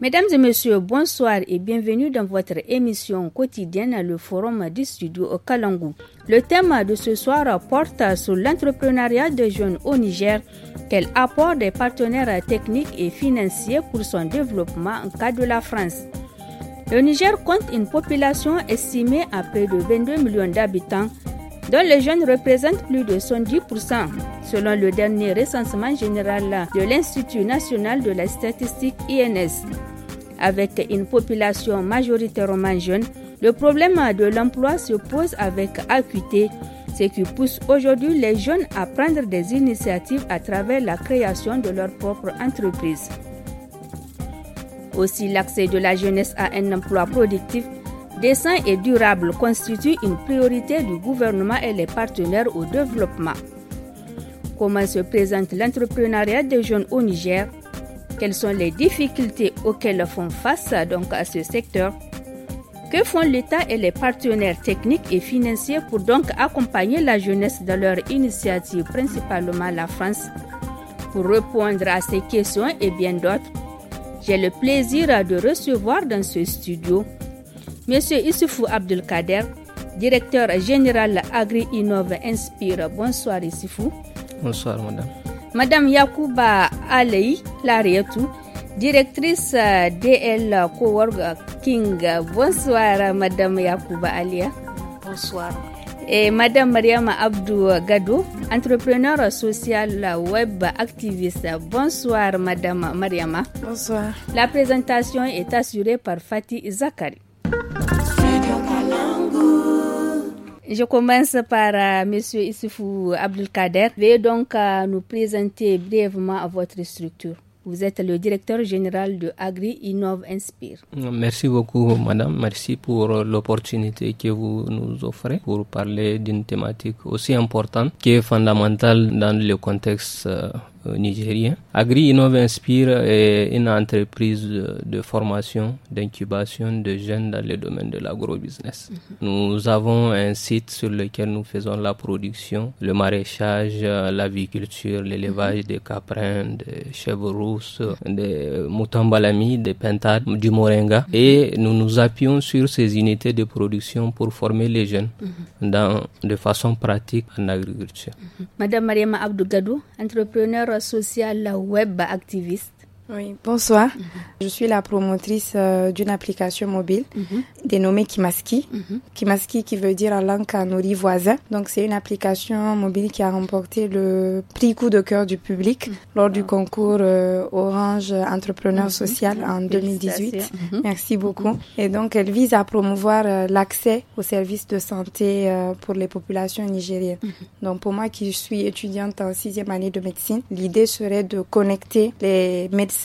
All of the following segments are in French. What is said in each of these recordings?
Mesdames et messieurs, bonsoir et bienvenue dans votre émission quotidienne Le Forum du Studio au Kalangou. Le thème de ce soir porte sur l'entrepreneuriat des jeunes au Niger, qu'elle apport des partenaires techniques et financiers pour son développement en cas de la France. Le Niger compte une population estimée à près de 22 millions d'habitants, dont les jeunes représentent plus de 70%, selon le dernier recensement général de l'Institut national de la statistique INS. Avec une population majoritairement jeune, le problème de l'emploi se pose avec acuité, ce qui pousse aujourd'hui les jeunes à prendre des initiatives à travers la création de leur propre entreprise. Aussi, l'accès de la jeunesse à un emploi productif décent et durable constitue une priorité du gouvernement et les partenaires au développement. Comment se présente l'entrepreneuriat des jeunes au Niger Quelles sont les difficultés auxquelles font face donc à ce secteur Que font l'État et les partenaires techniques et financiers pour donc accompagner la jeunesse dans leur initiative, principalement la France Pour répondre à ces questions et bien d'autres, j'ai le plaisir de recevoir dans ce studio Monsieur Issoufou Abdelkader, directeur général Agri-Innov Inspire. Bonsoir Issoufou. Bonsoir madame. Madame Yakuba Alei directrice euh, DL King. Bonsoir madame Yakuba Alia. Bonsoir. Et Madame Mariama Abdou Gado, entrepreneur social web activiste. Bonsoir Madame Mariama. Bonsoir. La présentation est assurée par Fatih Zakari. Je commence par euh, Monsieur M. Issifou Abdelkader. Veuillez donc euh, nous présenter brièvement votre structure. Vous êtes le directeur général de Agri Innov Inspire. Merci beaucoup, madame. Merci pour euh, l'opportunité que vous nous offrez pour parler d'une thématique aussi importante qui est fondamentale dans le contexte euh, nigérien. Agri-Innov Inspire est euh, une entreprise euh, de formation, d'incubation de jeunes dans le domaine de l'agrobusiness. business mhm. Nous avons un site sur lequel nous faisons la production, le maraîchage, l'aviculture, l'élevage mhm. des caprins, des chèvres des moutons balami, des pentades, du moringa. Mhm. Et nous nous appuyons sur ces unités de production pour former les jeunes dans, de façon pratique en agriculture. Madame Mariama Abdougadou, entrepreneur la web activiste oui, bonsoir. Mhm. Je suis la promotrice euh, d'une application mobile mhm. dénommée Kimaski. Mhm. Kimaski qui veut dire en langue kanuri voisin. Donc c'est une application mobile qui a remporté le prix coup de cœur du public lors du concours euh, Orange Entrepreneur Social en 2018. Merci beaucoup. Et donc elle vise à promouvoir euh, l'accès aux services de santé pour les populations nigériennes. Donc pour moi qui suis étudiante en sixième année de médecine, l'idée serait de connecter les médecins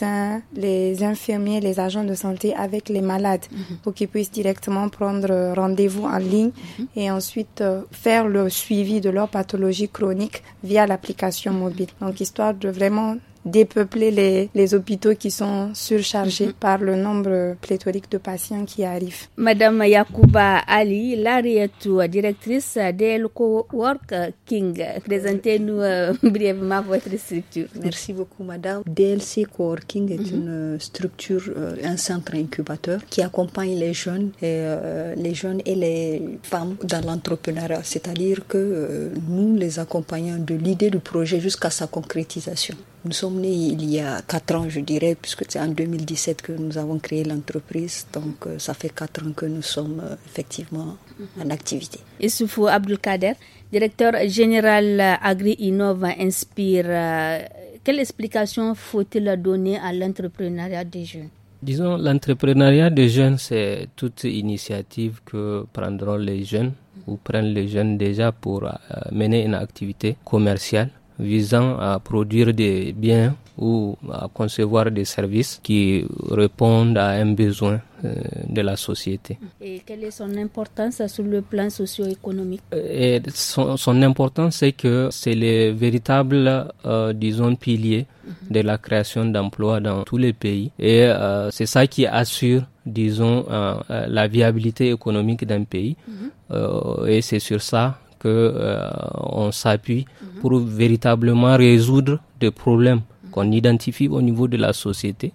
les infirmiers, les agents de santé avec les malades mhm. pour qu'ils puissent directement prendre rendez-vous en ligne mhm. et ensuite euh, faire le suivi de leur pathologie chronique via l'application mobile. Donc, histoire de vraiment dépeupler les, les hôpitaux qui sont surchargés mhm. par le nombre pléthorique de patients qui arrivent. Madame Yakuba Ali, l'arrière-tour, directrice d'Elco Work King, présentez-nous euh, brièvement votre structure. Merci beaucoup, madame. DLC Coworking est mhm. une structure, euh, un centre incubateur qui accompagne les jeunes et euh, les jeunes et les femmes dans l'entrepreneuriat. C'est-à-dire que nous les accompagnons de l'idée du projet jusqu'à sa concrétisation. Nous sommes nés il y a quatre ans, je dirais, puisque c'est en 2017 que nous avons créé l'entreprise. Donc euh, ça fait quatre ans que nous sommes euh, effectivement en activité. Issoufou Abdelkader, directeur général Agri Innova Inspire, euh, quelle explication faut-il donner à l'entrepreneuriat des jeunes Disons, l'entrepreneuriat des jeunes, c'est toute initiative que prendront les jeunes ou prennent les jeunes déjà pour mener une activité commerciale visant à produire des biens ou à concevoir des services qui répondent à un besoin euh, de la société. Et quelle est son importance sur le plan socio-économique euh, son, importance, c'est que c'est le véritable, euh, disons, pilier mhm. de la création d'emplois dans tous les pays. Et c'est ça qui assure, disons, la viabilité économique d'un pays. Mhm. et c'est sur ça que euh, on s'appuie pour véritablement résoudre des problèmes qu'on identifie au niveau de la société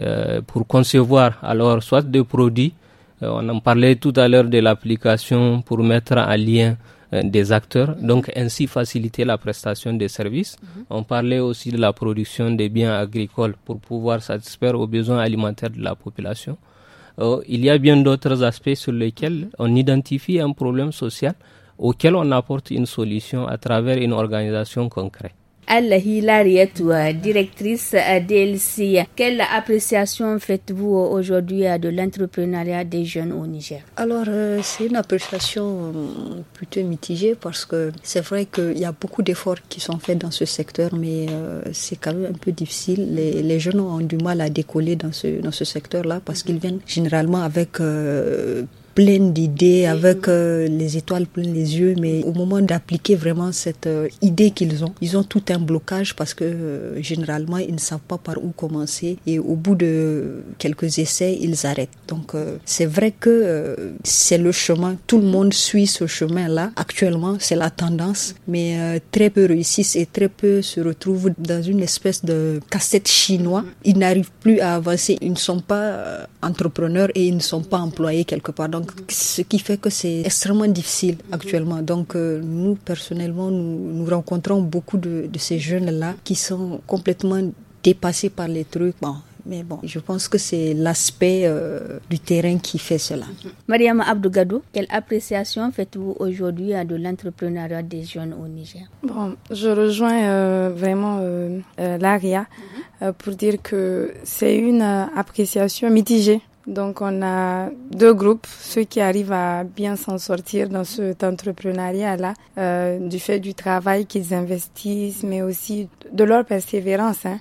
euh, pour concevoir alors soit des produits euh, on en parlait tout à l'heure de l'application pour mettre en lien des acteurs, donc ainsi faciliter la prestation des services. On parlait aussi de la production des biens agricoles pour pouvoir satisfaire aux besoins alimentaires de la population. il y a bien d'autres aspects sur lesquels on identifie un problème social auquel on apporte une solution à travers une organisation concrète. Al-Hilariatou, euh, directrice euh, DLC, quelle appréciation faites-vous aujourd'hui euh, de l'entrepreneuriat des jeunes au Niger Alors, c'est une appréciation plutôt mitigée parce que c'est vrai qu'il y a beaucoup d'efforts qui sont faits dans ce secteur, mais c'est quand même un peu difficile. Les, les, jeunes ont du mal à décoller dans ce, dans ce secteur-là parce qu'ils viennent généralement avec pleine d'idées, avec euh, les étoiles plein les yeux, mais au moment d'appliquer vraiment cette euh, idée qu'ils ont, ils ont tout un blocage parce que euh, généralement ils ne savent pas par où commencer et au bout de quelques essais ils arrêtent. Donc c'est vrai que c'est le chemin, tout le monde suit ce chemin-là. Actuellement c'est la tendance, mais très peu réussissent et très peu se retrouvent dans une espèce de cassette chinois. Ils n'arrivent plus à avancer, ils ne sont pas entrepreneurs et ils ne sont pas employés quelque part ce qui fait que c'est extrêmement difficile mhm. actuellement. Donc, euh, nous, personnellement, nous, rencontrons beaucoup de, ces jeunes-là qui sont complètement dépassés par les trucs. Bon, mais bon, je pense que c'est l'aspect euh, du terrain qui fait cela. Mhm. Mariam Abdougadou, quelle appréciation faites-vous aujourd'hui à de l'entrepreneuriat des jeunes au Niger Bon, je rejoins euh, vraiment l'ARIA mhm. pour dire que c'est une appréciation mitigée donc on a deux groupes, ceux qui arrivent à bien s'en sortir dans cet entrepreneuriat-là, euh, du fait du travail qu'ils investissent, mais aussi de leur persévérance. Hein.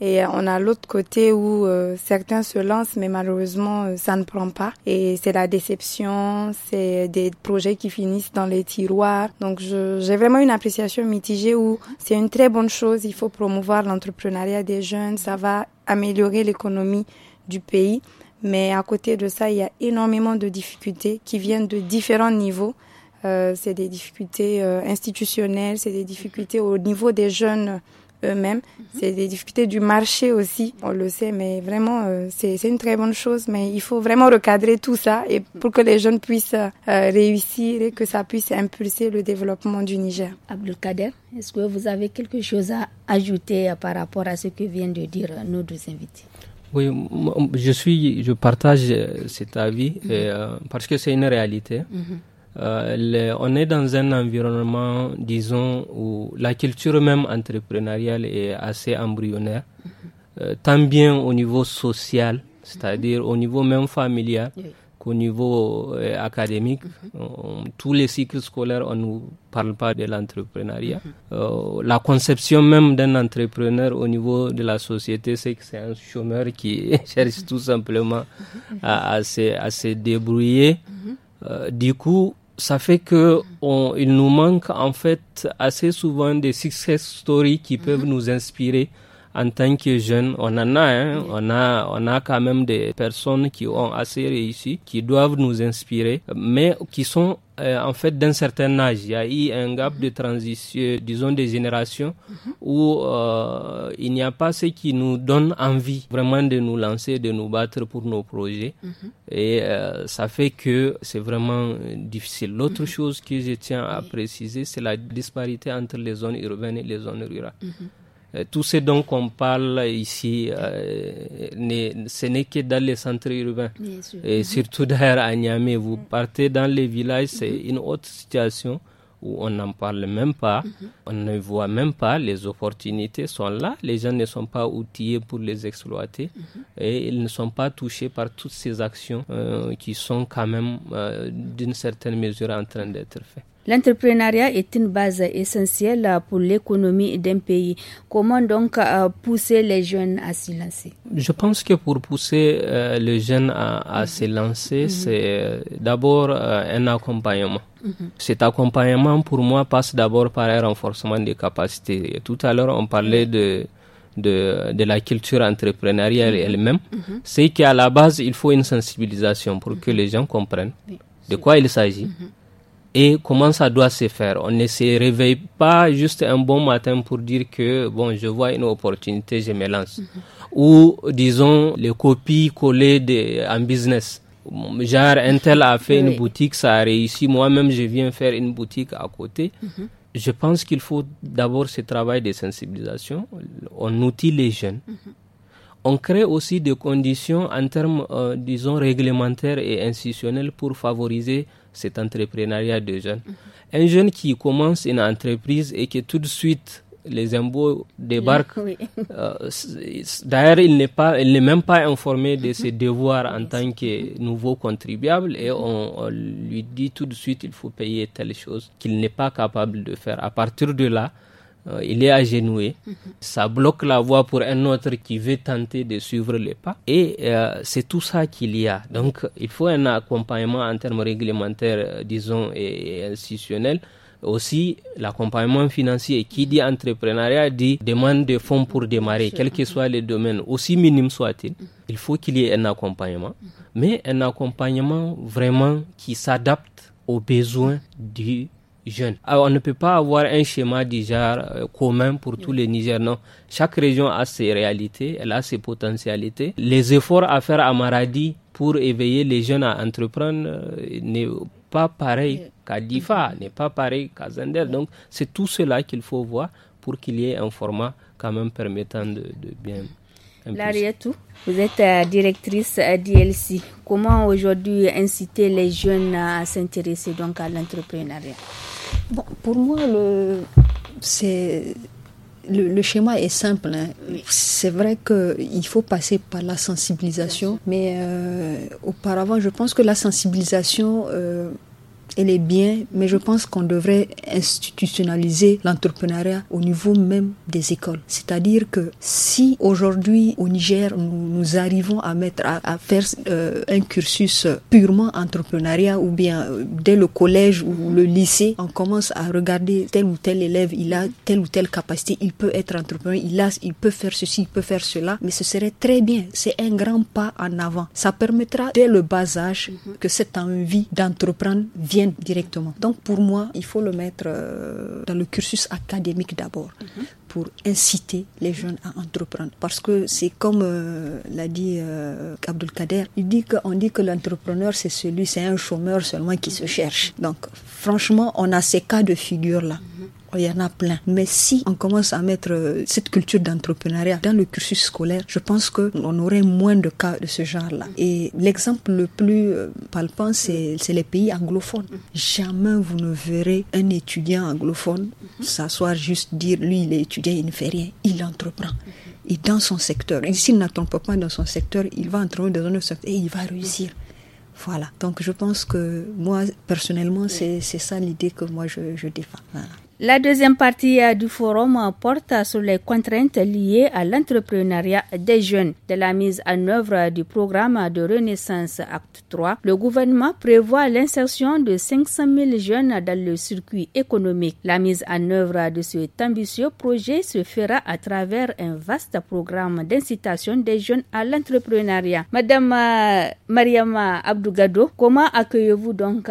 Et on a l'autre côté où euh, certains se lancent, mais malheureusement, euh, ça ne prend pas. Et c'est la déception, c'est des projets qui finissent dans les tiroirs. Donc j'ai vraiment une appréciation mitigée où c'est une très bonne chose, il faut promouvoir l'entrepreneuriat des jeunes, ça va améliorer l'économie du pays. Mais à côté de ça, il y a énormément de difficultés qui viennent de différents niveaux. Euh, c'est des difficultés euh, institutionnelles, c'est des difficultés au niveau des jeunes euh, eux-mêmes, mhm. c'est des difficultés du marché aussi, on le sait, mais vraiment, c'est, une très bonne chose, mais il faut vraiment recadrer tout ça et pour que les jeunes puissent réussir et que ça puisse impulser le développement du Niger. Kader, est-ce que vous avez quelque chose à ajouter par rapport à ce que viennent de dire nos deux invités oui, je suis, je partage euh, cet avis mhm. euh, parce que c'est une réalité. Mhm. Euh, on est dans un environnement, disons, où la culture même entrepreneuriale est assez embryonnaire, mhm. tant bien au niveau social, c'est-à-dire au niveau même familial qu'au niveau euh, académique, mhm. tous les cycles scolaires, on ne nous parle pas de l'entrepreneuriat. Mhm. Euh, la conception même d'un entrepreneur au niveau de la société, c'est que c'est un chômeur qui cherche mhm. tout simplement à, se, débrouiller. Euh, du coup, ça fait que il nous manque en fait assez souvent des success stories qui peuvent nous inspirer en tant que jeune, on en eh? a, on a, on a quand même des personnes qui ont assez réussi, qui doivent nous inspirer, mais qui sont eh, en fait d'un certain âge. Il y a eu un gap de transition, disons des générations, où euh, il n'y a pas ce qui nous donne envie vraiment de nous lancer, de nous battre pour nos projets. Et euh, ça fait que c'est vraiment difficile. L'autre chose que je tiens à préciser, c'est la disparité entre les zones urbaines et les zones rurales. Euh, tout ce dont on parle ici, euh, ce n'est que dans les centres urbains. Et mhm. surtout d'ailleurs à Niamey, vous partez dans les villages, c'est mhm. une autre situation où on n'en parle même pas, mhm. on ne voit même pas, les opportunités sont là, les gens ne sont pas outillés pour les exploiter et ils ne sont pas touchés par toutes ces actions euh, qui sont quand même d'une certaine mesure en train d'être faites. L'entrepreneuriat est une base essentielle pour l'économie d'un pays. Comment donc euh, pousser les jeunes à s'y lancer Je pense que pour pousser euh, les jeunes à, mhm. s'y se lancer, mhm. c'est euh, d'abord un accompagnement. Mhm. Cet accompagnement, pour moi, passe d'abord par un renforcement des capacités. tout à l'heure, on parlait de, de, la culture entrepreneuriale elle-même. C'est qu'à la base, il faut une sensibilisation pour que les gens comprennent de quoi il s'agit et comment ça doit se faire. On ne se réveille pas juste un bon matin pour dire que, bon, je vois une opportunité, je me lance. Mhm. Ou, disons, les copies collées de, en business. Genre, Intel a fait une boutique, ça a réussi. Moi-même, je viens faire une boutique à côté. Mhm. Je pense qu'il faut d'abord ce travail de sensibilisation. On outille les jeunes. Mhm. On crée aussi des conditions en termes, euh, disons, réglementaires et institutionnels pour favoriser cet entrepreneuriat de jeunes. Un jeune qui commence une entreprise et que tout de suite les impôts débarquent. Euh, d'ailleurs, il n'est pas, il n'est même pas informé de ses devoirs en tant que nouveau contribuable et on, on lui dit tout de suite il faut payer telle chose qu'il n'est pas capable de faire. À partir de là, euh, il est agenoué, mhm. Ça bloque la voie pour un autre qui veut tenter de suivre les pas. Et euh, c'est tout ça qu'il y a. Donc, il faut un accompagnement en termes réglementaires, euh, disons, et, et institutionnels aussi l'accompagnement financier. Qui mhm. dit entrepreneuriat dit demande de fonds pour démarrer, quel que soit le domaine, aussi minime soit-il. Mhm. Il faut qu'il y ait un accompagnement, mais un accompagnement vraiment qui s'adapte aux besoins du jeunes. Alors, on ne peut pas avoir un schéma déjà euh, commun pour tous les Niger, non. Chaque région a ses réalités, elle a ses potentialités. Les efforts à faire à Maradi pour éveiller les jeunes à entreprendre euh, n'est pas pareil qu'à Difa, n'est pas pareil qu'à Zender. Donc, c'est tout cela qu'il faut voir pour qu'il y ait un format quand même permettant de, bien Lariatou, vous êtes euh, directrice d'ILC. Comment aujourd'hui inciter les jeunes à s'intéresser donc à l'entrepreneuriat bon, Pour moi, le, c'est, le, schéma est simple. Hein. C'est vrai qu'il faut passer par la sensibilisation, mais euh, auparavant, je pense que la sensibilisation... Euh, elle est bien, mais je pense qu'on devrait institutionnaliser l'entrepreneuriat au niveau même des écoles. C'est-à-dire que si aujourd'hui au Niger nous, arrivons à mettre à, faire euh, un cursus purement entrepreneuriat ou bien euh, dès le collège ou le lycée, on commence à regarder tel ou tel élève, il a telle ou telle capacité, il peut être entrepreneur, il il peut faire ceci, il peut faire cela, mais ce serait très bien. C'est un grand pas en avant. Ça permettra dès le bas âge mhm. que cette envie d'entreprendre directement. Donc pour moi, il faut le mettre euh, dans le cursus académique d'abord. Mhm. pour inciter les jeunes à entreprendre. Parce que c'est comme euh, l'a dit euh, Abdelkader, il dit qu'on dit que l'entrepreneur c'est celui, c'est un chômeur seulement qui se cherche. Donc franchement, on a ces cas de figure là. Oh, il y en a plein. Mais si on commence à mettre euh, cette culture d'entrepreneuriat dans le cursus scolaire, je pense qu'on aurait moins de cas de ce genre-là. Mm. Et l'exemple le plus euh, palpant, mm. c'est les pays anglophones. Mm. Jamais vous ne verrez un étudiant anglophone mm-hmm. s'asseoir juste dire, lui, il est étudiant, il ne fait rien, il entreprend mm-hmm. et dans son secteur. Et s'il n'attend pas dans son secteur, il va entreprendre dans un autre secteur et il va mm-hmm. réussir. Voilà. Donc je pense que moi, personnellement, c'est ça l'idée que moi je, je défends. Voilà. La deuxième partie euh, du forum euh, porte sur les contraintes liées à l'entrepreneuriat des jeunes. De la mise en œuvre euh, du programme de Renaissance Acte 3, le gouvernement prévoit l'insertion de 500 000 jeunes dans le circuit économique. La mise en œuvre de cet ambitieux projet se fera à travers un vaste programme d'incitation des jeunes à l'entrepreneuriat. Madame Mariama Abdougado, comment accueillez-vous donc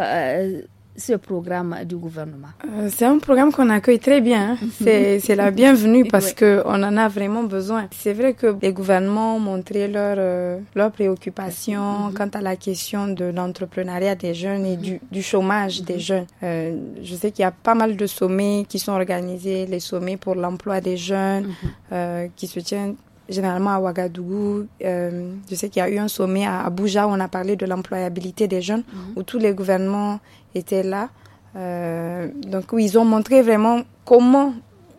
ce programme du gouvernement euh, C'est un programme qu'on accueille très bien. Hein. Mhm. C'est la bienvenue parce que qu'on en a vraiment besoin. C'est vrai que les gouvernements ont montré leur, préoccupation euh, leurs préoccupations mhm. quant à la question de l'entrepreneuriat des jeunes et mhm. du, chômage des jeunes. Euh, je sais qu'il y a pas mal de sommets qui sont organisés, les sommets pour l'emploi des jeunes qui se tiennent généralement à Ouagadougou. Euh, je sais qu'il y a eu un sommet à Abuja où on a parlé de l'employabilité des jeunes, mhm. où tous les gouvernements étaient là. Euh, donc, où ils ont montré vraiment comment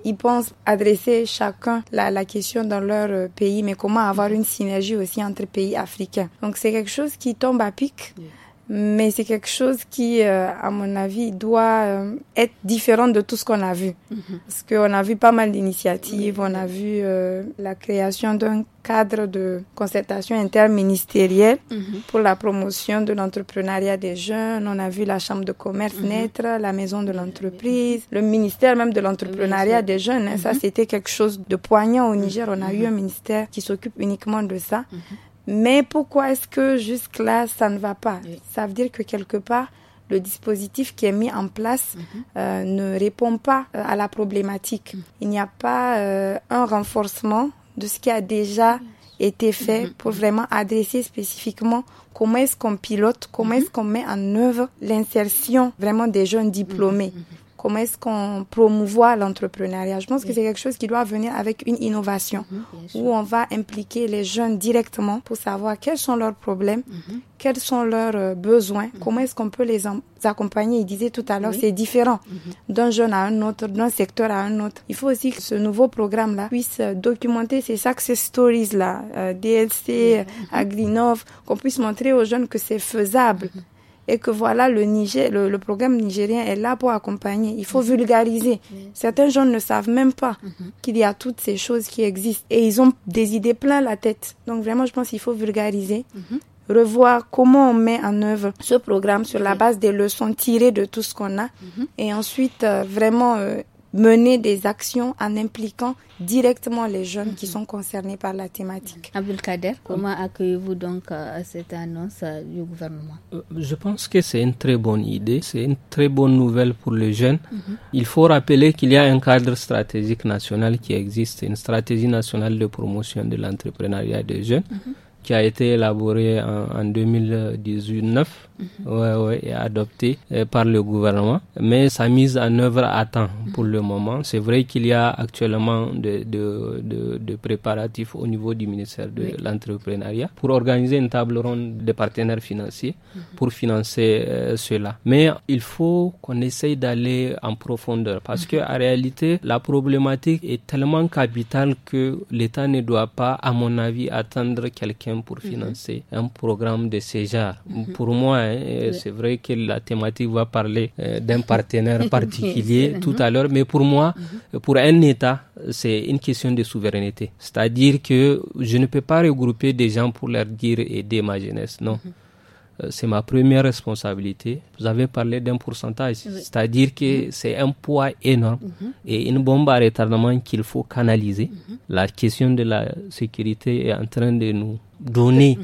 ils pensent adresser chacun la, question dans leur euh, pays, mais comment avoir mhm. une synergie aussi entre pays africains. Donc, c'est quelque chose qui tombe à pic mais c'est quelque chose qui, euh, à mon avis, doit euh, être différent de tout ce qu'on a vu. Mhm. Parce qu'on a vu pas mal d'initiatives, on a vu euh, la création d'un cadre de concertation interministérielle mhm. pour la promotion de l'entrepreneuriat des jeunes, on a vu la chambre de commerce mhm. naître, la maison de l'entreprise, le ministère même de l'entrepreneuriat des jeunes. Ça, c'était quelque chose de poignant au Niger. On a eu un ministère qui s'occupe uniquement de ça. Mais pourquoi est-ce que jusque-là, ça ne va pas Ça veut dire que quelque part, le dispositif qui est mis en place mhm. euh, ne répond pas euh, à la problématique. Mhm. Il n'y a pas euh, un renforcement de ce qui a déjà été fait mhm. pour vraiment adresser spécifiquement comment est-ce qu'on pilote, comment est-ce qu'on met en œuvre l'insertion vraiment des jeunes diplômés comment est-ce qu'on promouvoit l'entrepreneuriat. Je pense que c'est quelque chose qui doit venir avec une innovation, où on va impliquer les jeunes directement pour savoir quels sont leurs problèmes, mhm. quels sont leurs euh, besoins, mhm. comment est-ce qu'on peut les accompagner. Il disait tout à l'heure, c'est différent mhm. d'un jeune à un autre, d'un secteur à un autre. Il faut aussi que ce nouveau programme-là puisse euh, documenter ces success stories-là, euh, DLC, Agrinov, qu'on puisse montrer aux jeunes que c'est faisable et que voilà, le, Niger, le, programme nigérien est là pour accompagner. Il faut vulgariser. Certains gens ne savent même pas mhm. qu'il y a toutes ces choses qui existent et ils ont des idées plein la tête. Donc vraiment, je pense qu'il faut vulgariser. Mhm. Revoir comment on met en œuvre ce programme sur la base des leçons tirées de tout ce qu'on a mhm. et ensuite euh, vraiment euh, mener des actions en impliquant directement les jeunes qui mhm. sont concernés par la thématique. Abdelkader, comment accueillez-vous donc euh, cette annonce euh, du gouvernement euh, Je pense que c'est une très bonne idée, c'est une très bonne nouvelle pour les jeunes. Mhm. Il faut rappeler qu'il y a un cadre stratégique national qui existe, une stratégie nationale de promotion de l'entrepreneuriat des jeunes. Mhm qui a été élaboré en, en 2019 mhm. ouais, ouais, et adopté euh, par le gouvernement. Mais sa mise en œuvre attend mhm. pour le moment. C'est vrai qu'il y a actuellement des de, de, préparatifs au niveau du ministère de l'entrepreneuriat pour organiser une table ronde des partenaires financiers mhm. pour financer euh, cela. Mais il faut qu'on essaye d'aller en profondeur parce qu'en que réalité, la problématique est tellement capitale que l'État ne doit pas, à mon avis, attendre quelqu'un pour mhm. financer un programme de ce genre. Mhm. Pour moi, hein, euh, c'est vrai que la thématique va parler euh, d'un partenaire particulier tout à l'heure, mais pour moi, mhm. euh, pour un État, c'est une question de souveraineté. C'est-à-dire que je ne peux pas regrouper des gens pour leur dire aider ma jeunesse. Non. Euh, c'est ma première responsabilité. Vous avez parlé d'un pourcentage, c'est-à-dire que mhm. c'est un poids énorme mhm. et une bombe à retardement qu'il faut canaliser. Mhm. La question de la sécurité est en train de nous donner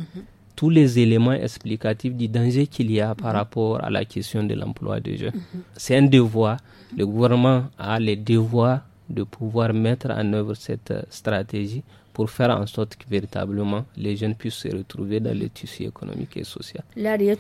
tous les éléments explicatifs du danger qu'il y a par rapport à la question de l'emploi des jeunes. C'est un devoir. Le gouvernement a le devoir de pouvoir mettre en œuvre cette euh, stratégie pour faire en sorte que véritablement les jeunes puissent se retrouver dans le tissu économique et social.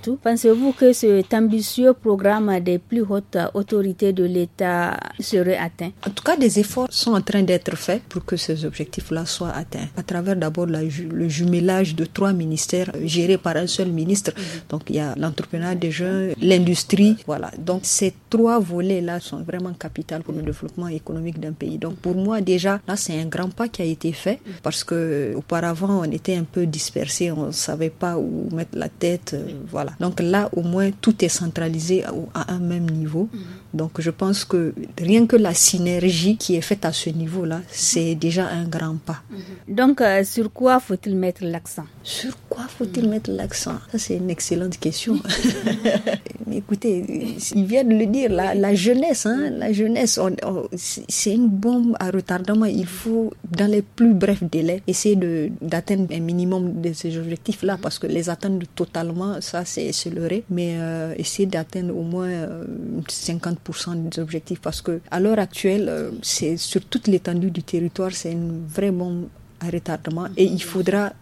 tout pensez-vous que cet ambitieux programme des plus hautes autorités de l'État serait atteint En tout cas, des efforts sont en train d'être faits pour que ces objectifs-là soient atteints, à travers d'abord le jumelage de trois ministères gérés par un seul ministre. Donc il y a l'entrepreneuriat des jeunes, l'industrie, voilà. Donc ces trois volets-là sont vraiment capitales pour le développement économique d'un pays. Donc pour moi déjà, là c'est un grand pas qui a été fait parce que auparavant on était un peu dispersé, on ne savait pas où mettre la tête, euh, voilà. Donc là au moins tout est centralisé à, un même niveau. Mhm. Donc je pense que rien que la synergie qui est faite à ce niveau-là, c'est mhm. déjà un grand pas. Mhm. Donc euh, sur quoi faut-il mettre l'accent Sur quoi faut-il mettre l'accent Ça c'est une excellente question. écoutez, il vient de le dire, la, jeunesse, hein, la jeunesse, c'est une bombe à retardement. Il faut dans les plus brefs délais Essayez essayer d'atteindre un minimum de ces objectifs-là, mhm. parce que les atteindre totalement, ça c'est le leurrer, mais euh, essayer d'atteindre au moins 50% euh, des objectifs, parce que à l'heure actuelle, euh, c'est sur toute l'étendue du territoire, c'est un vrai bon retardement, et il mhm. faudra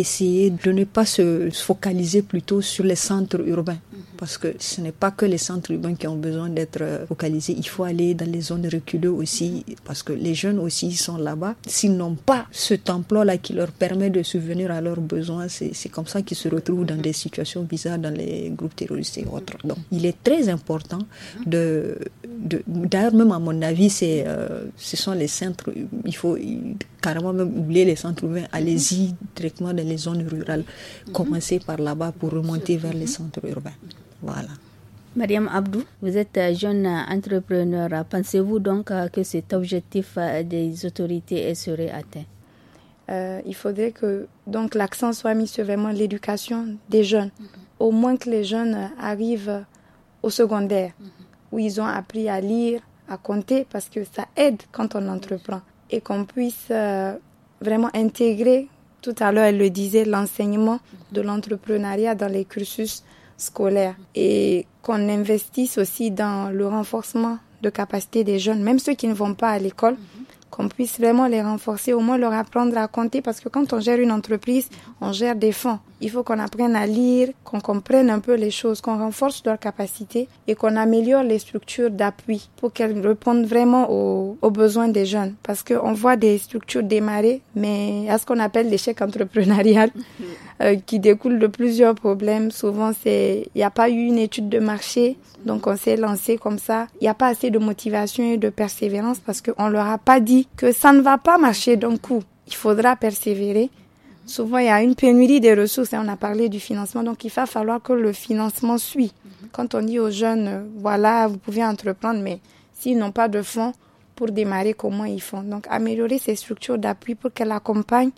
essayer de ne pas se focaliser plutôt sur les centres urbains. Mhm. Parce que ce n'est pas que les centres urbains qui ont besoin d'être euh, focalisés. Il faut aller dans les zones reculées aussi, parce que les jeunes aussi sont là-bas. S'ils n'ont pas cet emploi-là qui leur permet de subvenir à leurs besoins, c'est comme ça qu'ils se retrouvent dans mhm. des situations bizarres dans les groupes terroristes et autres. Donc, il est très important mhm. de. D'ailleurs, même à mon avis, c'est euh, ce sont les centres. Il faut carrément même oublier les centres urbains. Allez-y directement dans les zones rurales, mhm. commencer par là-bas pour remonter mhm. vers les centres urbains. Voilà. Mariam Abdou, vous êtes jeune entrepreneur. Pensez-vous donc euh, que cet objectif euh, des autorités serait atteint euh, Il faudrait que donc l'accent soit mis sur vraiment l'éducation des jeunes. Mhm. Au moins que les jeunes arrivent au secondaire, où ils ont appris à lire, à compter, parce que ça aide quand on entreprend. Et qu'on puisse vraiment intégrer tout à l'heure, elle le disait, l'enseignement de l'entrepreneuriat dans les cursus scolaires et qu'on investisse aussi dans le renforcement de capacité des jeunes, même ceux qui ne vont pas à l'école, mhm qu'on puisse vraiment les renforcer, au moins leur apprendre à compter, parce que quand on gère une entreprise, on gère des fonds. Il faut qu'on apprenne à lire, qu'on comprenne un peu les choses, qu'on renforce leurs capacités et qu'on améliore les structures d'appui pour qu'elles répondent vraiment aux, besoins des jeunes. Parce qu'on voit des structures démarrer, mais à ce qu'on appelle l'échec entrepreneurial, euh, qui découle de plusieurs problèmes. Souvent, c'est il n'y a pas eu une étude de marché, donc on s'est lancé comme ça. Il n'y a pas assez de motivation et de persévérance parce qu'on ne leur a pas dit que ça ne va pas marcher d'un coup. Il faudra persévérer. Souvent, il y a une pénurie des ressources et on a parlé du financement, donc il va falloir que le financement suit. Mhm. Quand on dit aux jeunes, euh, voilà, vous pouvez entreprendre, mais s'ils n'ont pas de fonds pour démarrer, comment ils font Donc, améliorer ces structures d'appui pour qu'elles accompagnent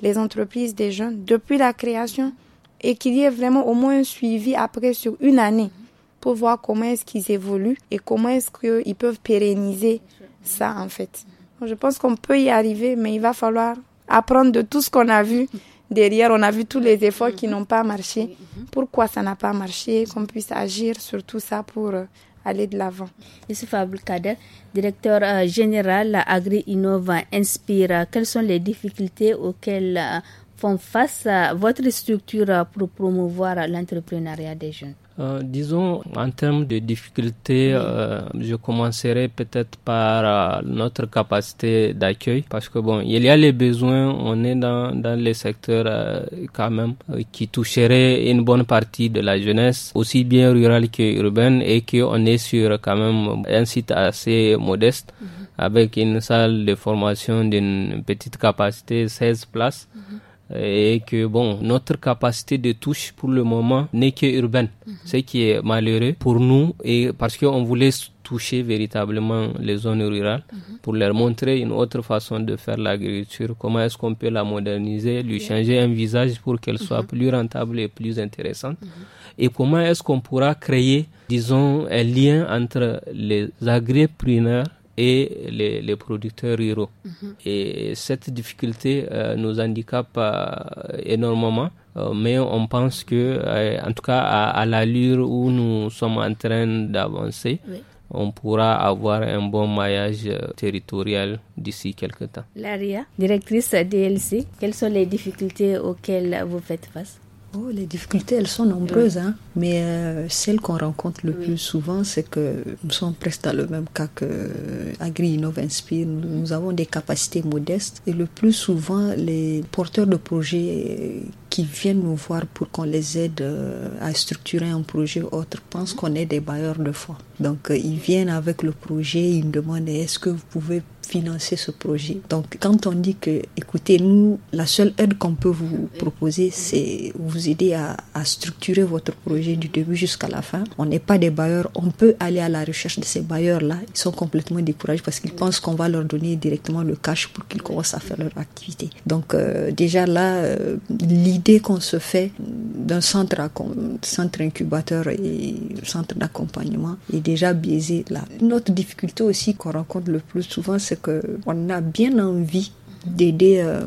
les entreprises des jeunes depuis la création et qu'il y ait vraiment au moins un suivi après sur une année mhm. pour voir comment est-ce qu'ils évoluent et comment est-ce qu'ils peuvent pérenniser ça en fait. Je pense qu'on peut y arriver, mais il va falloir apprendre de tout ce qu'on a vu. Derrière, on a vu tous les efforts qui n'ont pas marché. Pourquoi ça n'a pas marché Qu'on puisse agir sur tout ça pour euh, aller de l'avant. Monsieur Abdelkader, directeur euh, général Agri-Innova Inspire, quelles sont les difficultés auxquelles euh, font face votre structure pour promouvoir l'entrepreneuriat des jeunes euh, disons, en termes de difficultés, euh, je commencerai peut-être par euh, notre capacité d'accueil, parce que bon, il y a les besoins, on est dans, dans les secteurs quand même qui toucheraient une bonne partie de la jeunesse, aussi bien rurale que urbaine, et qu'on est sur quand même un site assez modeste, mhm. avec une salle de formation d'une petite capacité, 16 places. Mhm et que bon, notre capacité de touche pour le moment n'est que urbaine, mhm. ce qui est malheureux pour nous et parce qu'on voulait toucher véritablement les zones rurales mhm. pour leur montrer une autre façon de faire l'agriculture, comment est-ce qu'on peut la moderniser, lui changer un visage pour qu'elle mhm. soit plus rentable et plus intéressante, et comment est-ce qu'on pourra créer, disons, un lien entre les agripreneurs et les, les producteurs ruraux. Mhm. Et cette difficulté euh, nous handicape euh, énormément, euh, mais on pense que, en tout cas, à, l'allure où nous sommes en train d'avancer, on pourra avoir un bon maillage territorial d'ici quelques temps. Laria, directrice DLC, quelles sont les difficultés auxquelles vous faites face Oh, les difficultés, elles sont nombreuses, hein, mais euh, celles qu'on rencontre le plus souvent, c'est que nous sommes presque dans le même cas que euh, Agri Innov Inspire. Nous, avons des capacités modestes et le plus souvent, les porteurs de projets euh, qui viennent nous voir pour qu'on les aide à structurer un projet autre pensent mhm. qu'on est des bailleurs de foi. Donc, ils viennent avec le projet, ils me demandent est-ce que vous pouvez financer ce projet. Donc, quand on dit que, écoutez, nous, la seule aide qu'on peut vous proposer, c'est vous aider à, structurer votre projet du début jusqu'à la fin. On n'est pas des bailleurs, on peut aller à la recherche de ces bailleurs-là. Ils sont complètement découragés parce qu'ils pensent qu'on va leur donner directement le cash pour qu'ils commencent à faire leur activité. Donc, euh, déjà là, euh, l'idée qu'on se fait d'un centre, centre incubateur et centre d'accompagnement est déjà biaisée là. Une autre difficulté aussi qu'on rencontre le plus souvent, c'est on a bien envie d'aider euh,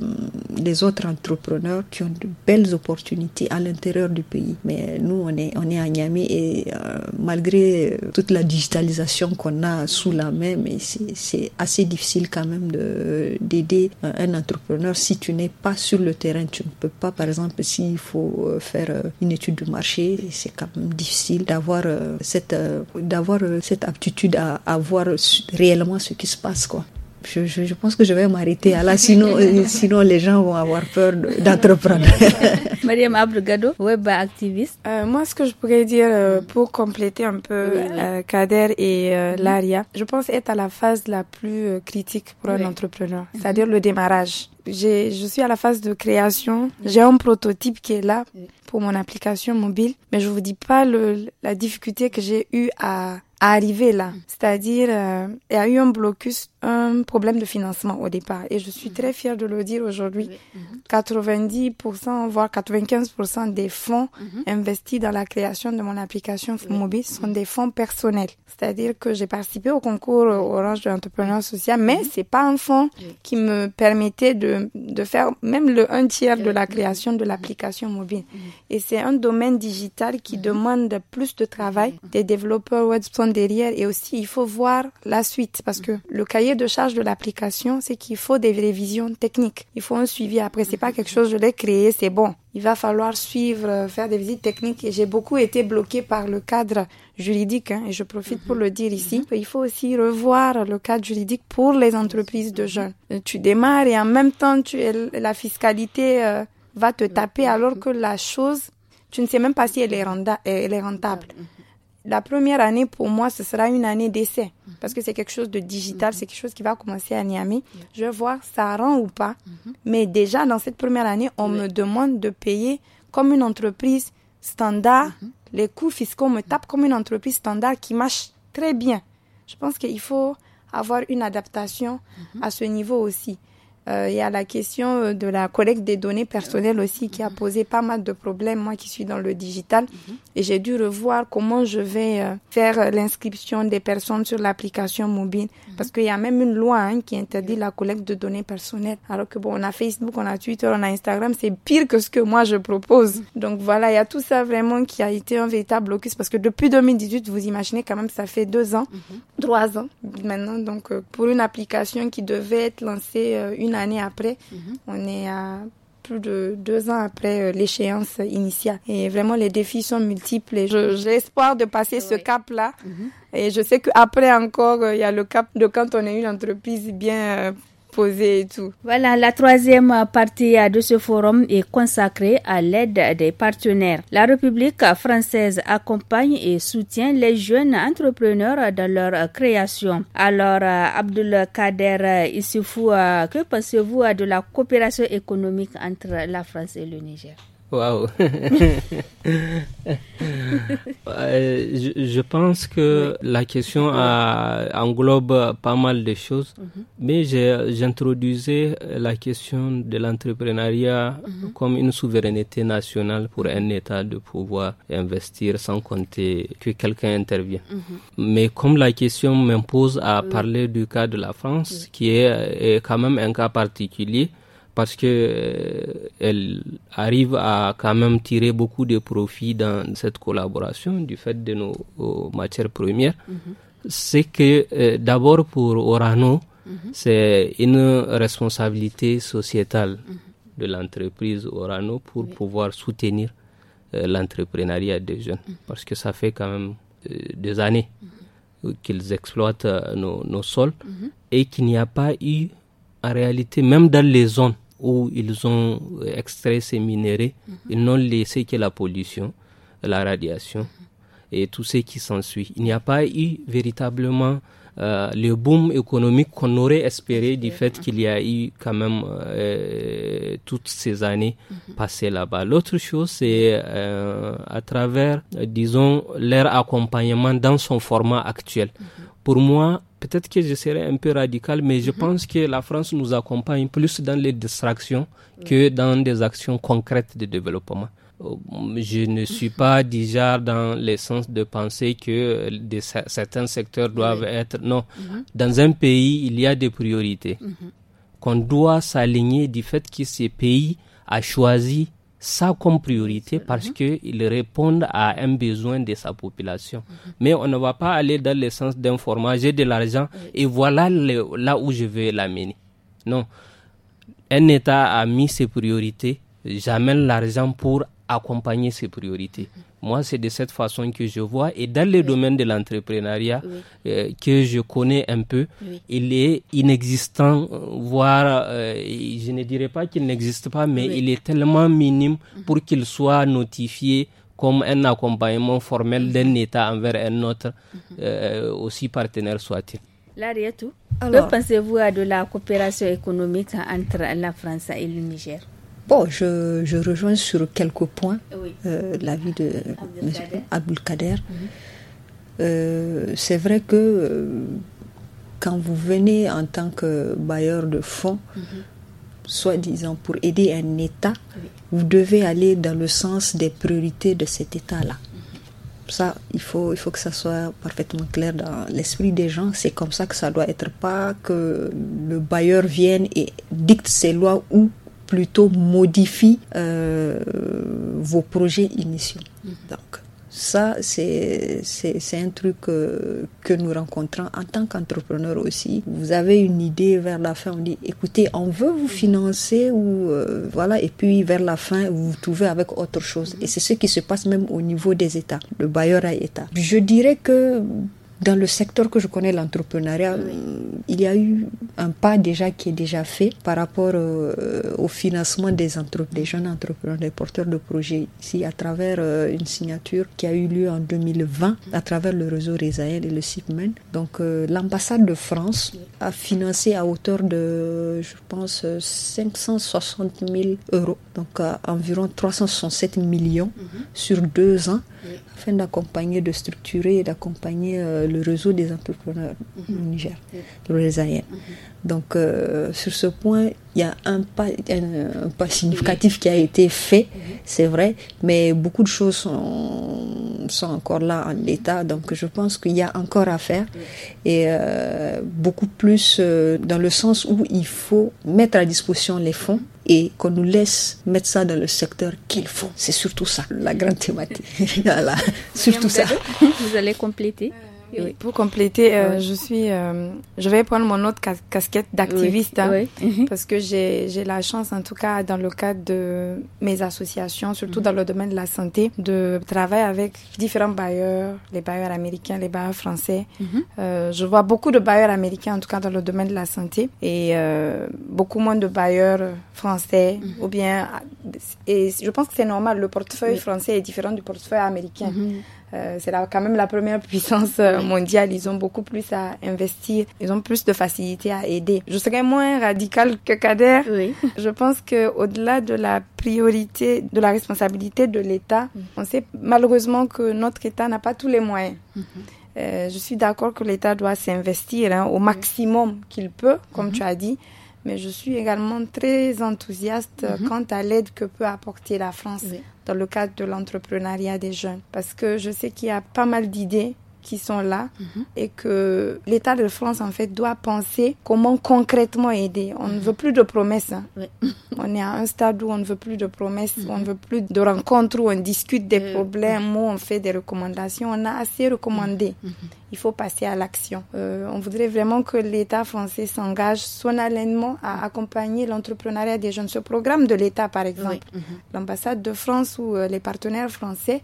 les autres entrepreneurs qui ont de belles opportunités à l'intérieur du pays. Mais nous, on est, on est à Niamey et euh, malgré euh, toute la digitalisation qu'on a sous la main, mais c'est assez difficile quand même d'aider un entrepreneur si tu n'es pas sur le terrain. Tu ne peux pas, par exemple, s'il faut faire une étude du marché, c'est quand même difficile d'avoir cette, aptitude à, à voir réellement ce qui se passe. Quoi je, pense que je vais m'arrêter là, sinon, euh, sinon les gens vont avoir peur d'entreprendre. Mariam Abdelgado, web activiste. Euh, moi, ce que je pourrais dire euh, pour compléter un peu Kader et mhm. Laria, je pense être à la phase la plus critique pour un entrepreneur, c'est-à-dire le démarrage je suis à la phase de création. J'ai un prototype qui est là pour mon application mobile, mais je vous dis pas la difficulté que j'ai eu à, arriver là. Mm. C'est-à-dire, euh, il y a eu un blocus, un problème de financement au départ, et je suis mm. très fière de le dire aujourd'hui. 90%, mm-hmm. voire 95% des fonds mm-hmm. investis dans la création de mon application mobile sont mm-hmm. des fonds personnels. C'est-à-dire que j'ai participé au concours Orange de l'entrepreneuriat social, mais c'est pas un fonds qui me permettait de de, faire même le un tiers de la mm-hmm. création de l'application mobile. Mm-hmm. Et c'est un domaine digital qui mm-hmm. demande plus de travail des développeurs web sont derrière et aussi il faut voir la suite parce que le cahier de charge de l'application, c'est qu'il faut des révisions techniques. Il faut un suivi après. C'est pas quelque chose, je l'ai créé, c'est bon il va falloir suivre, euh, faire des visites techniques. Et j'ai beaucoup été bloqué par le cadre juridique, hein, et je profite pour le dire ici. Mhm. Il faut aussi revoir le cadre juridique pour les entreprises de jeunes. Euh, tu démarres et en même temps, tu, la fiscalité euh, va te taper alors que la chose, tu ne sais même pas si elle est rentable la première année, pour moi, ce sera une année d'essai. Mhm. Parce que c'est quelque chose de digital, mhm. c'est quelque chose qui va commencer à Niamey. Je vais voir ça rend ou pas. Mhm. Mais déjà, dans cette première année, on me demande de payer comme une entreprise standard. Les coûts fiscaux me tapent comme une entreprise standard qui marche très bien. Je pense qu'il faut avoir une adaptation à ce niveau aussi. Euh, il y a la question euh, de la collecte des données personnelles aussi qui a mhm. posé pas mal de problèmes, moi qui suis dans le digital. Mhm. Et j'ai dû revoir comment je vais euh, faire l'inscription des personnes sur l'application mobile. Mhm. Parce qu'il y a même une loi hein, qui interdit la collecte de données personnelles. Alors que bon, on a Facebook, on a Twitter, on a Instagram, c'est pire que ce que moi je propose. Donc voilà, il y a tout ça vraiment qui a été un véritable blocus. Parce que depuis 2018, vous imaginez quand même, ça fait deux ans, trois ans maintenant. Donc pour une application qui devait être lancée une année après. Mhm. On est à plus de deux ans après euh, l'échéance initiale. Et vraiment, les défis sont multiples. Et de passer ce cap-là. Mhm. Et je sais qu'après encore, euh, il y a le cap de quand on a une entreprise bien euh, voilà, la troisième partie de ce forum est consacrée à l'aide des partenaires. La République française accompagne et soutient les jeunes entrepreneurs dans leur création. Alors, euh, Abdul Kader Issoufou, euh, que pensez-vous de la coopération économique entre la France et le Niger? Waouh euh, je, pense que la question a, englobe pas mal de choses, mhm. mais j'ai mais j'introduisais la question de l'entrepreneuriat mhm. comme une souveraineté nationale pour un État de pouvoir investir sans compter que quelqu'un intervient. Mhm. Mais comme la question m'impose à parler du cas de la France, qui est quand même un cas particulier, parce que euh, elle arrive à quand même tirer beaucoup de profit dans cette collaboration du fait de nos matières premières. Mhm. C'est que euh, d'abord pour Orano, mhm. c'est une responsabilité sociétale mhm. de l'entreprise Orano pour pouvoir soutenir euh, l'entrepreneuriat des jeunes parce que ça fait quand même des années qu'ils exploitent nos sols et qu'il n'y a pas eu en réalité, même dans les zones où ils ont extrait ces minéraux, mhm. ils n'ont laissé que la pollution, la radiation et tout ce qui s'ensuit. Il n'y a pas eu véritablement euh, le boom économique qu'on aurait espéré du fait hein. qu'il y a eu quand même euh, toutes ces années mhm. passées là-bas. L'autre chose, c'est euh, à travers, disons, leur accompagnement dans son format actuel. Mhm. Pour moi, Peut-être que je serai un peu radical, mais je mhm. pense que la France nous accompagne plus dans les distractions que dans des actions concrètes de développement euh, je ne suis pas déjà dans le sens de penser que certains secteurs doivent être. Non, mhm. dans un pays, il y a des priorités mhm. qu'on doit s'aligner du fait que ce pays a choisi ça comme priorité parce qu'il répondent à un besoin de sa population. Mhm. Mais on ne va pas aller dans le sens d'un format, j'ai de l'argent et voilà là où je veux l'amener. Non. Un État a mis ses priorités, j'amène l'argent pour accompagner ses priorités. Mhm. Moi, c'est de cette façon que je vois. Et dans le domaine de l'entrepreneuriat euh, que je connais un peu, il est inexistant, euh, voire euh, je ne dirais pas qu'il n'existe pas, mais il est tellement minime mhm. pour qu'il soit notifié comme un accompagnement formel mhm. d'un État envers un autre, mhm. aussi partenaire soit-il. tout, que pensez-vous à de la coopération économique entre la France et le Niger Bon, je, rejoins sur quelques points euh, l'avis de M. Mhm. Mm euh, c'est vrai que euh, quand vous venez en tant que bailleur de fonds, mhm. soi-disant pour aider un État, vous devez aller dans le sens des priorités de cet État-là. Mhm. Ça, il faut, il faut que ça soit parfaitement clair dans l'esprit des gens. C'est comme ça que ça doit être. Pas que le bailleur vienne et dicte ses lois ou plutôt modifie euh, vos projets initiaux. Mhm. Donc, ça, c'est un truc euh, que nous rencontrons en tant qu'entrepreneurs aussi. Vous avez une idée vers la fin, on dit écoutez, on veut vous mhm. financer ou euh, voilà, et puis vers la fin, vous vous trouvez avec autre chose. Mhm. Et c'est ce qui se passe même au niveau des États, le bailleur à État. Je dirais que dans le secteur que je connais, l'entrepreneuriat, euh, il y a eu un pas déjà qui est déjà fait par rapport euh, au financement des, des jeunes entrepreneurs, des porteurs de projets ici à travers euh, une signature qui a eu lieu en 2020 à travers le réseau Resael et le SIPMEN. Donc l'ambassade de France a financé à hauteur de, je pense, 560 000 euros, donc environ 367 millions mhm. sur deux ans afin d'accompagner, de structurer et d'accompagner euh, le réseau des entrepreneurs au mhm. Niger, mm Donc, euh, sur ce point, il y a un pas, pas significatif qui a été fait, mhm. c'est vrai, mais beaucoup de choses sont, encore là en l'état. Donc, je pense qu'il y a encore à faire et euh, beaucoup plus dans le sens où il faut mettre à disposition les fonds mhm et qu'on nous laisse mettre ça dans le secteur qu'il faut. C'est surtout ça, la grande thématique. voilà, surtout ça. Vous allez compléter. Euh, pour compléter, euh, je suis, euh, je vais prendre mon autre casquette d'activiste hein, mhm. parce que j'ai la chance, en tout cas dans le cadre de mes associations, surtout mhm. dans le domaine de la santé, de travailler avec différents bailleurs, les bailleurs américains, les bailleurs français. Mhm. Euh, je vois beaucoup de bailleurs américains, en tout cas dans le domaine de la santé, et beaucoup moins de bailleurs français. Ou bien, et je pense que c'est normal. Le portefeuille français est différent du portefeuille américain. Euh, c'est quand même la première puissance euh, mondiale. Ils ont beaucoup plus à investir. Ils ont plus de facilité à aider. Je serais moins radical que Kader. Je pense quau delà de la priorité, de la responsabilité de l'État, mm. on sait malheureusement que notre État n'a pas tous les moyens. Mm-hmm. Euh, je suis d'accord que l'État doit s'investir hein, au maximum qu'il peut, comme mm-hmm. tu as dit, mais je suis également très enthousiaste euh, mhm. quant à l'aide que peut apporter la France dans le cadre de l'entrepreneuriat des jeunes, parce que je sais qu'il y a pas mal d'idées qui sont là mhm. et que l'État de France, en fait, doit penser comment concrètement aider. On ne mhm. veut plus de promesses. Hein. On est à un stade où on ne veut plus de promesses, mhm. on ne veut plus de rencontres où on discute des euh, problèmes, où on fait des recommandations. On a assez recommandé. Il faut passer à l'action. Euh, on voudrait vraiment que l'État français s'engage solennellement à accompagner l'entrepreneuriat des jeunes. Ce programme de l'État, par exemple, l'ambassade de France ou euh, les partenaires français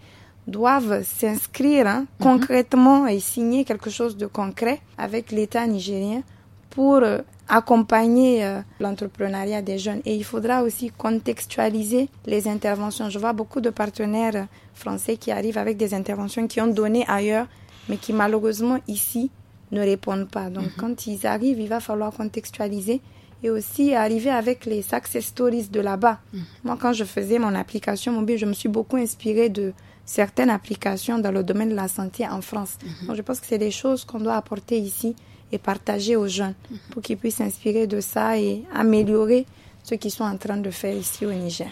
doivent s'inscrire hein, mhm. concrètement et signer quelque chose de concret avec l'État nigérien pour euh, accompagner euh, l'entrepreneuriat des jeunes. Et il faudra aussi contextualiser les interventions. Je vois beaucoup de partenaires français qui arrivent avec des interventions qui ont donné ailleurs, mais qui malheureusement ici ne répondent pas. Donc mhm. quand ils arrivent, il va falloir contextualiser et aussi arriver avec les success stories de là-bas. Mhm. Moi, quand je faisais mon application mobile, je me suis beaucoup inspirée de certaines applications dans le domaine de la santé en France. Mhm. je pense que c'est des choses qu'on doit apporter ici et partager aux jeunes pour qu'ils puissent s'inspirer de ça et améliorer ce qu'ils sont en train de faire ici au Niger.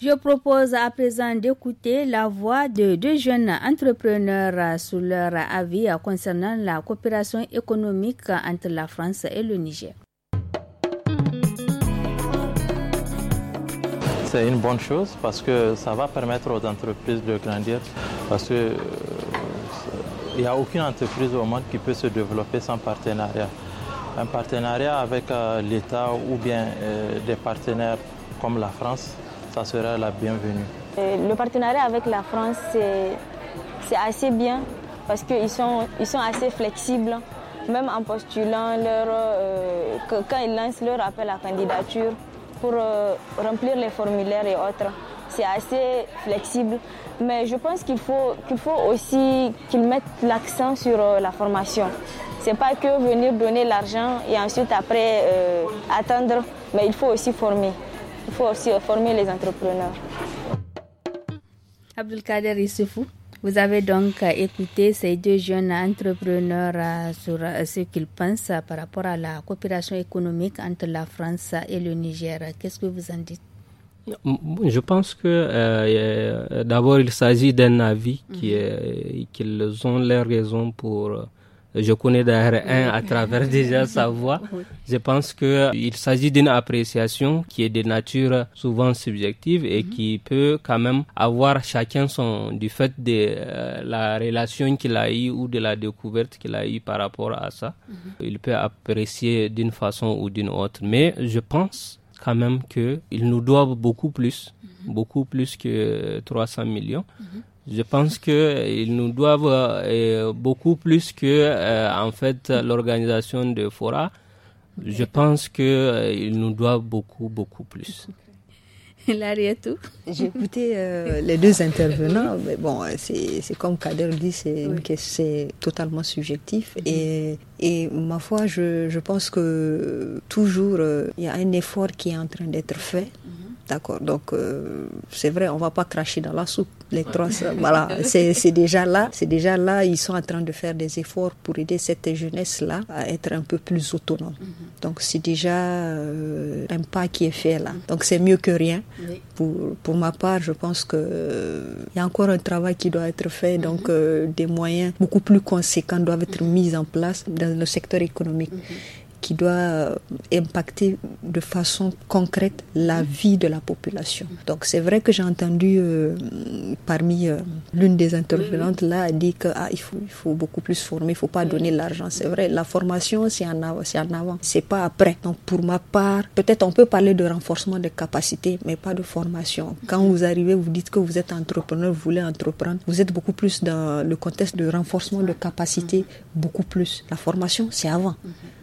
Je propose à présent d'écouter la voix de deux jeunes entrepreneurs sur leur avis concernant la coopération économique entre la France et le Niger. C'est une bonne chose parce que ça va permettre aux entreprises de grandir parce qu'il euh, n'y a aucune entreprise au monde qui peut se développer sans partenariat. Un partenariat avec euh, l'État ou bien euh, des partenaires comme la France, ça sera la bienvenue. Le partenariat avec la France, c'est assez bien parce qu'ils sont, assez flexibles, hein. même en postulant leur, quand ils lancent leur appel à candidature pour euh, remplir les formulaires et autres. C'est assez flexible, mais je pense qu'il faut, qu'il faut aussi qu'ils mettent l'accent sur euh, la formation. Ce n'est pas que venir donner l'argent et ensuite après euh, attendre, mais il faut aussi former. Il faut aussi former les entrepreneurs. Abdelkader fou. Vous avez donc écouté ces deux jeunes entrepreneurs euh, sur euh, ce qu'ils pensent par rapport à la coopération économique entre la France et le Niger. Qu'est-ce que vous en dites je pense que euh, d'abord il s'agit d'un avis qui mhm. qu'ils ont leurs raisons pour je connais d'ailleurs un à travers déjà sa voix. Je pense qu'il euh, s'agit d'une appréciation qui est de nature souvent subjective et mhm. qui peut quand même avoir chacun son, du fait de euh, la relation qu'il a eue ou de la découverte qu'il a eue par rapport à ça. Mhm. Il peut apprécier d'une façon ou d'une autre. Mais je pense quand même qu'il nous doivent beaucoup plus beaucoup plus que 300 millions. Je pense qu'ils euh, nous doivent euh, beaucoup plus que euh, en fait l'organisation de Fora. Je pense qu'ils ils nous doivent beaucoup, beaucoup plus. J'ai écouté les deux intervenants, mais bon, c'est comme Kader dit, c'est totalement subjectif. Mhm. Et, et ma foi, je, je pense que toujours, il y a un effort qui est en train d'être fait. Mhm. D'accord. Donc, euh, c'est vrai, on va pas cracher dans la soupe. Les trois, voilà, c'est déjà là. C'est déjà là. Ils sont en train de faire des efforts pour aider cette jeunesse-là à être un peu plus autonome. Mhm. Donc, c'est déjà euh, un pas qui est fait là. Donc, c'est mieux que rien. Pour, pour ma part, je pense que il y a encore un travail qui doit être fait. Mhm. Donc, euh, des moyens beaucoup plus conséquents doivent être mhm. mis en place dans le secteur économique qui doit euh, impacter de façon concrète la mm. vie de la population. Mm. Donc c'est vrai que j'ai entendu euh, parmi euh, l'une des intervenantes mm. là a dit que ah, il faut il faut beaucoup plus former, il faut pas donner l'argent. C'est vrai, la formation c'est en avant, c'est en avant, c'est pas après. Donc pour ma part, peut-être on peut parler de renforcement des capacités, mais pas de formation. Quand vous arrivez, vous dites que vous êtes entrepreneur, vous voulez entreprendre, vous êtes beaucoup plus dans le contexte de renforcement de capacités, beaucoup plus. La formation c'est avant. Mm-hmm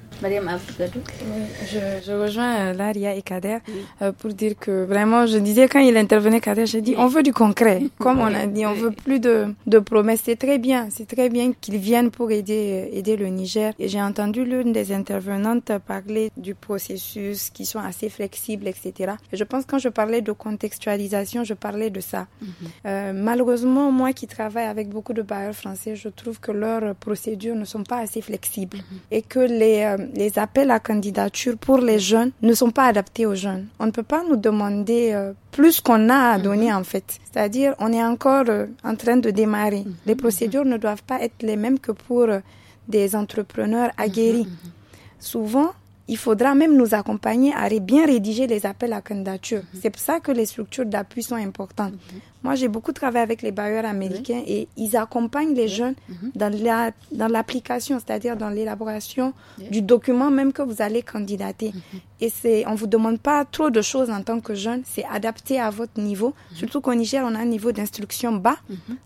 je, rejoins euh, Laria et Kader euh, pour dire que vraiment, je disais quand il intervenait, Kader, j'ai dit on veut du concret. Comme on a dit, on veut plus de, de promesses. C'est très bien, c'est très bien qu'ils viennent pour aider, euh, aider le Niger. Et j'ai entendu l'une des intervenantes parler du processus qui sont assez flexibles, etc. je pense quand je parlais de contextualisation, je parlais de ça. Mhm. malheureusement, moi qui travaille avec beaucoup de bailleurs français, je trouve que leurs procédures ne sont pas assez flexibles mhm. et que les les appels à candidature pour les jeunes ne sont pas adaptés aux jeunes. On ne peut pas nous demander euh, plus qu'on a à donner mhm. en fait. C'est-à-dire, on est encore euh, en train de démarrer. Mhm. Les procédures ne doivent pas être les mêmes que pour euh, des entrepreneurs aguerris. Mhm. Souvent, il faudra même nous accompagner à bien rédiger les appels à candidature. C'est pour ça que les structures d'appui sont importantes. Moi, j'ai beaucoup travaillé avec les bailleurs américains et ils accompagnent les jeunes mhm. dans dans l'application, c'est-à-dire dans l'élaboration du document même que vous allez candidater. Mhm. Et c'est, on vous demande pas trop de choses en tant que jeune, c'est adapté à votre niveau. Mhm. Surtout qu'au Niger, on a un niveau d'instruction bas,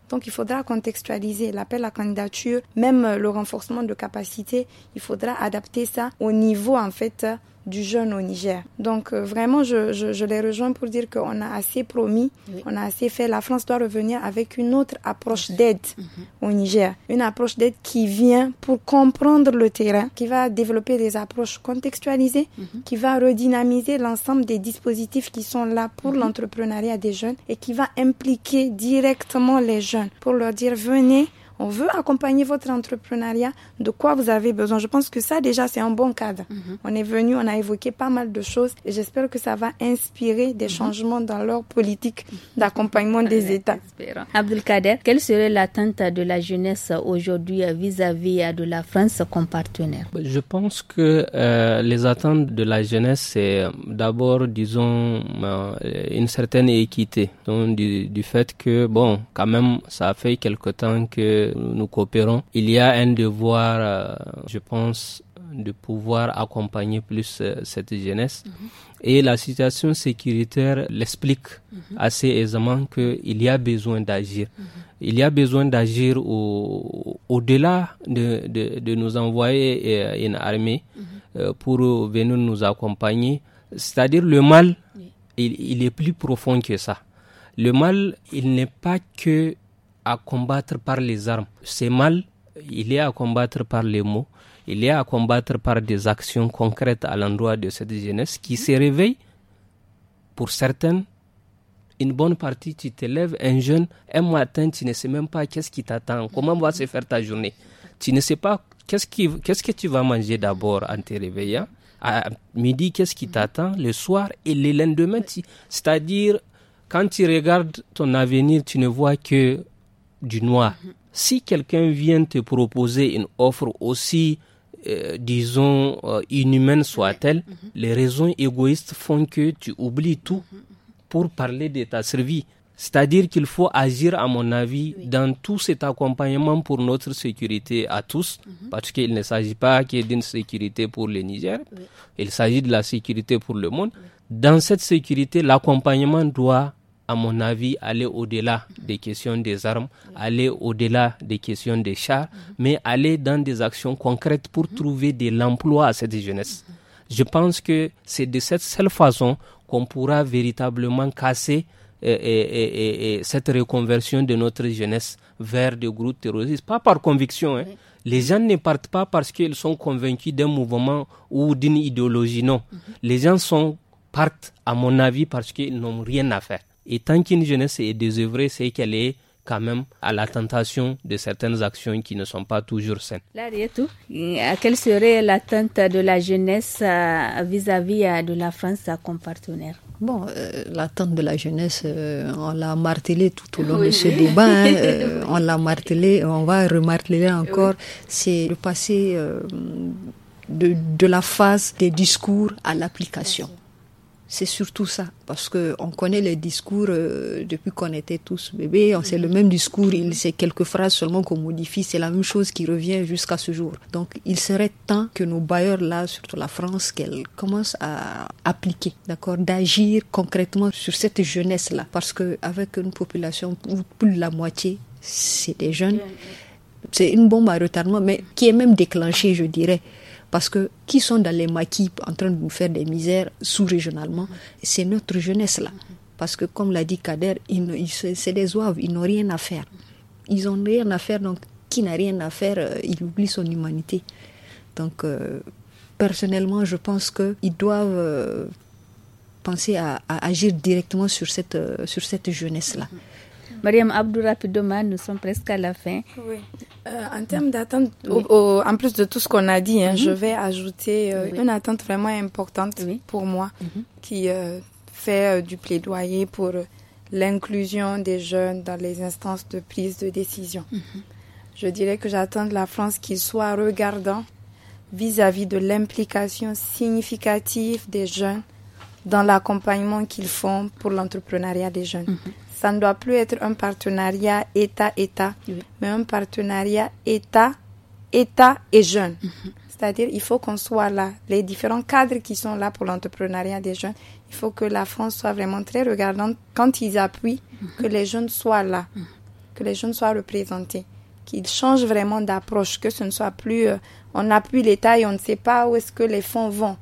donc il faudra contextualiser l'appel à candidature, même euh, le renforcement de capacité. Il faudra adapter ça au niveau en fait euh, du jeune au Niger. Donc euh, vraiment, je, les rejoins pour dire qu'on a assez promis, on a assez fait. La France doit revenir avec une autre approche d'aide mhm. au Niger. Une approche d'aide qui vient pour comprendre le terrain, qui va développer des approches contextualisées, mhm. qui va redynamiser l'ensemble des dispositifs qui sont là pour mhm. l'entrepreneuriat des jeunes et qui va impliquer directement les jeunes pour leur dire venez on veut accompagner votre entrepreneuriat, de quoi vous avez besoin. Je pense que ça déjà c'est un bon cadre. Mhm. On est venu, on a évoqué pas mal de choses et j'espère que ça va inspirer des mhm. changements dans leur politique d'accompagnement des États. Abdelkader, quelle serait l'attente de la jeunesse aujourd'hui vis-à-vis de la France comme partenaire bah, Je pense que euh, les attentes de la jeunesse, c'est d'abord, disons, euh, une certaine équité. Donc, du, du fait que, bon, quand même, ça fait quelque temps que nous coopérons, il y a un devoir, euh, je pense, de pouvoir accompagner plus euh, cette jeunesse. Mhm. Et la situation sécuritaire l'explique mhm. assez aisément qu'il y a besoin d'agir. Il y a besoin d'agir mhm. au-delà de, de, nous envoyer euh, une armée pour venir nous accompagner. C'est-à-dire le mal, il, est plus profond que ça. Le mal, il n'est pas que à combattre par les armes. C'est mal, il est à combattre par les mots, il est à combattre par des actions concrètes à l'endroit de cette jeunesse qui se réveille. Pour certaines, une bonne partie, tu lèves un jeune, un matin, tu ne sais même pas qu'est-ce qui t'attend, comment va se faire ta journée. Tu ne sais pas qu'est-ce, qui, qu'est-ce que tu vas manger d'abord en te réveillant. À midi, qu'est-ce qui t'attend le soir et le lendemain. C'est-à-dire, quand tu regardes ton avenir, tu ne vois que du noir. Mhm. Si quelqu'un vient te proposer une offre aussi, euh, disons, euh, inhumaine soit-elle, mhm. les raisons égoïstes font que tu oublies mhm. tout pour parler de ta survie. C'est-à-dire qu'il faut agir, à mon avis, dans tout cet accompagnement pour notre sécurité à tous, parce qu'il ne s'agit pas ait d'une sécurité pour le Niger, il s'agit de la sécurité pour le monde. Dans cette sécurité, l'accompagnement doit à mon avis, aller au-delà des questions des armes, aller au-delà des questions des chars, mais aller dans des actions concrètes pour trouver de l'emploi à cette jeunesse. Je pense que c'est de cette seule façon qu'on pourra véritablement casser euh, cette reconversion de notre jeunesse vers des groupes terroristes, pas par conviction. Hein. Les gens ne partent pas parce qu'ils sont convaincus d'un mouvement ou d'une idéologie, non. Les gens sont, partent, à mon avis, parce qu'ils n'ont rien à faire. Et tant qu'une jeunesse est désœuvrée, c'est qu'elle est quand même à la tentation de certaines actions qui ne sont pas toujours saines. Là, tout. Euh, quelle serait l'attente de la jeunesse euh, vis-à-vis euh, de la France comme partenaire Bon, l'attente de la jeunesse, on l'a martelée tout au long de ce débat. Hein, on l'a martelé, on va remarteler encore. C'est le passé de, la phase des discours à l'application. C'est surtout ça, parce que on connaît les discours euh, depuis qu'on était tous bébés. C'est le mm. même discours, il c'est quelques phrases seulement qu'on modifie. C'est la même chose qui revient jusqu'à ce jour. Donc, il serait temps que nos bailleurs là, surtout la France, qu'elle commence à appliquer, d'accord, d'agir concrètement sur cette jeunesse là, parce que une population où plus de la moitié, c'est des jeunes. Mm. C'est une bombe à retardement, mais qui est même déclenchée, je dirais. Parce que qui sont dans les maquis en train de nous faire des misères sous-régionalement, c'est notre jeunesse-là. Parce que comme l'a dit Kader, c'est des oives, ils n'ont rien à faire. Ils n'ont rien à faire, donc qui n'a rien à faire, euh, il oublie son humanité. Donc, euh, personnellement, je pense qu'ils doivent euh, penser à, agir directement sur cette jeunesse-là. Mariam Abdou, rapidement, nous sommes presque à la fin. Oui. Euh, en termes d'attente, en plus de tout ce qu'on a dit, hein, mhm. je vais ajouter euh, une attente vraiment importante pour moi mhm. qui euh, fait du plaidoyer pour l'inclusion des jeunes dans les instances de prise de décision. Mhm. Je dirais que j'attends de la France qu'il soit regardant vis à -vis de l'implication significative des jeunes dans l'accompagnement qu'ils font pour l'entrepreneuriat des jeunes ça ne doit plus être un partenariat État-État, mais un partenariat État, État et jeunes. Mhm. C'est-à-dire, il faut qu'on soit là. Les différents cadres qui sont là pour l'entrepreneuriat des jeunes, il faut que la France soit vraiment très regardante quand ils appuient, mhm. que les jeunes soient là, mhm. que les jeunes soient représentés, qu'ils changent vraiment d'approche, que ce ne soit plus euh, on appuie l'État et on ne sait pas où est-ce que les fonds vont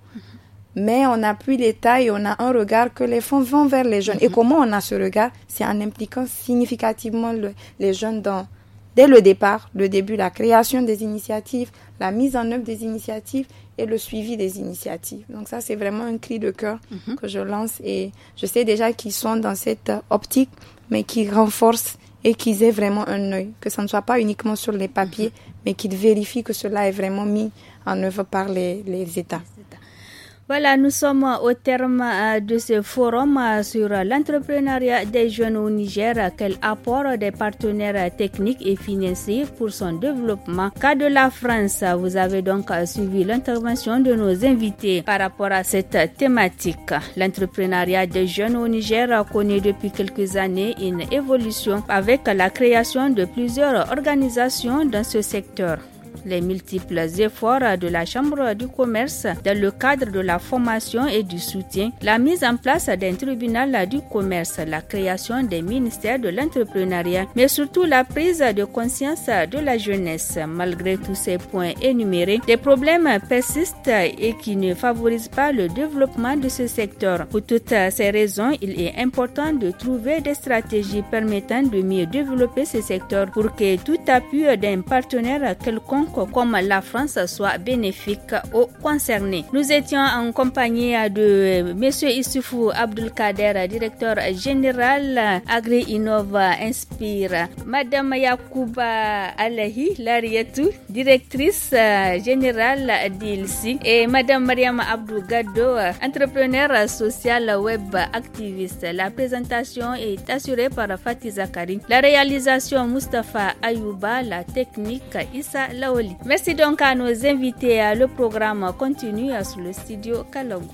mais on n'a plus les tailles, on a un regard que les fonds vont vers les jeunes. Et mhm. comment on a ce regard C'est en impliquant significativement les jeunes dans, dès le départ, le début, la création des initiatives, la mise en œuvre des initiatives et le suivi des initiatives. Donc ça, c'est vraiment un cri de cœur mhm. que je lance et je sais déjà qu'ils sont dans cette optique, mais qui renforce et qu'ils aient vraiment un œil, que ça ne soit pas uniquement sur les papiers, mhm. mais qu'ils vérifient que cela est vraiment mis en œuvre par les, les États. Voilà, nous sommes au terme euh, de ce forum euh, sur l'entrepreneuriat des jeunes au Niger. Quel apport des partenaires techniques et financiers pour son développement Cas de la France, vous avez donc euh, suivi l'intervention de nos invités par rapport à cette thématique. L'entrepreneuriat des jeunes au Niger connaît depuis quelques années une évolution avec la création de plusieurs organisations dans ce secteur les multiples efforts de la Chambre du commerce dans le cadre de la formation et du soutien, la mise en place d'un tribunal du commerce, la création des ministères de l'entrepreneuriat, mais surtout la prise de conscience de la jeunesse. Malgré tous ces points énumérés, des problèmes persistent et qui ne favorisent pas le développement de ce secteur. Pour toutes ces raisons, il est important de trouver des stratégies permettant de mieux développer ce secteur pour que tout appui d'un partenaire quelconque comme la France soit bénéfique aux concernés. Nous étions en compagnie de M. Issoufou Abdelkader, directeur général Agri-Innova Inspire, Madame Yakouba Alahi Lariatou, directrice générale d'ILSI, et Madame Mariam Abdou entrepreneur social web activiste. La présentation est assurée par Fatih Zakari. La réalisation Mustapha Ayouba, la technique Issa Laoli. Merci donc à nos invités. Le programme continue sur le studio Kalangou.